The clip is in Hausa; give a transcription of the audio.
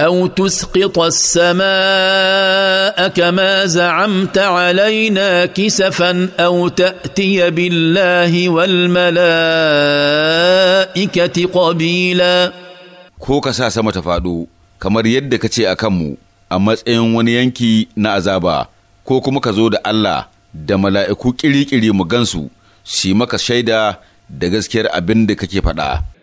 او تسقط السماء كما زعمت علينا كسفا او تاتي بالله والملائكه قبيلا ko ka sa sama ta faɗo kamar yadda ka ce a kanmu a matsayin wani yanki na azaba ko kuma ka zo da Allah da mala'iku ƙiri-ƙiri mu gansu shi maka shaida da gaskiyar abin da kake faɗa.